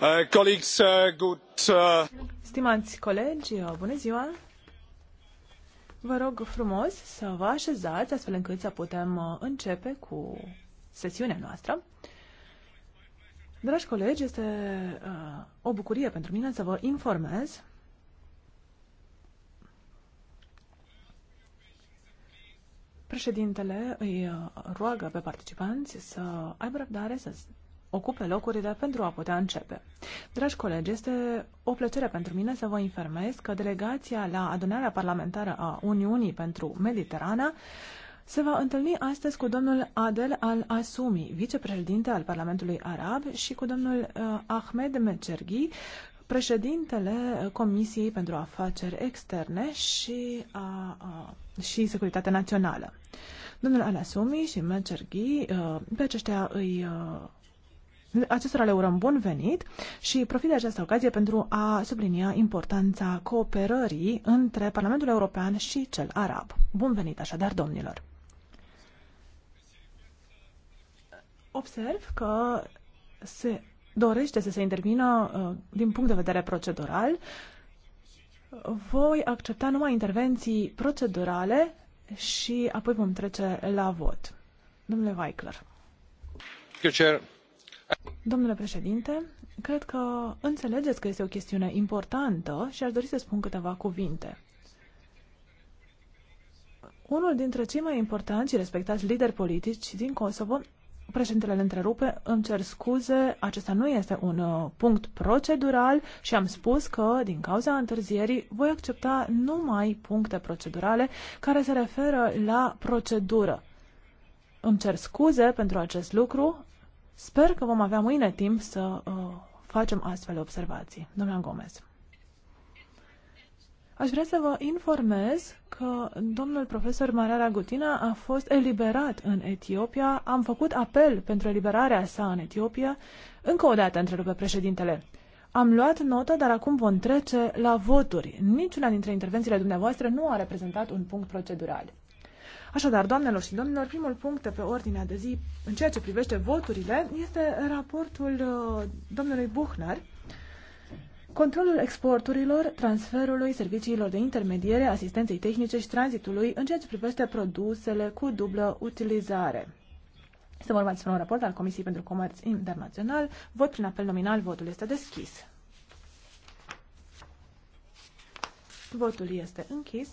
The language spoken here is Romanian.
Uh, uh, uh, Stimați colegi, bună ziua! Vă rog frumos să vă așezați astfel încât să putem începe cu sesiunea noastră. Dragi colegi, este o bucurie pentru mine să vă informez Președintele îi roagă pe participanți să aibă răbdare, să ocupe locurile pentru a putea începe. Dragi colegi, este o plăcere pentru mine să vă informez că delegația la adunarea parlamentară a Uniunii pentru Mediterana se va întâlni astăzi cu domnul Adel al-Asumi, vicepreședinte al Parlamentului Arab, și cu domnul uh, Ahmed Mecerghi, președintele Comisiei pentru Afaceri Externe și, uh, uh, și Securitatea Națională. Domnul Al Asumi și Mecerghi, uh, pe aceștia îi Uh, Acestora le urăm bun venit și profit de această ocazie pentru a sublinia importanța cooperării între Parlamentul European și cel arab. Bun venit așadar, domnilor! Observ că se dorește să se intervină uh, din punct de vedere procedural. Voi accepta numai intervenții procedurale și apoi vom trece la vot. Domnule Weichler. chair. Domnule președinte, cred că înțelegeți că este o chestiune importantă și aș dori să spun câteva cuvinte. Unul dintre cei mai importanți și respectați lideri politici din Kosovo, președintele îl întrerupe, îmi cer scuze, acesta nu este un uh, punct procedural și am spus că, din cauza întârzierii, voi accepta numai puncte procedurale care se referă la procedură. Îmi cer scuze pentru acest lucru, Sper că vom avea mâine timp să uh, facem astfel de observații. Domnul Gomez. Aș vrea să vă informez că domnul profesor Marara Gutina a fost eliberat în Etiopia. Am făcut apel pentru eliberarea sa în Etiopia. Încă o dată întrerupe președintele. Am luat notă, dar acum vom trece la voturi. Niciuna dintre intervențiile dumneavoastră nu a reprezentat un punct procedural. Așadar, doamnelor și domnilor, primul punct pe ordinea de zi în ceea ce privește voturile este raportul uh, domnului Buchner controlul exporturilor, transferului serviciilor de intermediere, asistenței tehnice și tranzitului în ceea ce privește produsele cu dublă utilizare. Este vorba despre un raport al Comisiei pentru Comerț Internațional. Vot prin apel nominal, votul este deschis. Votul este închis.